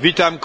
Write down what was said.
Witam koleżanki.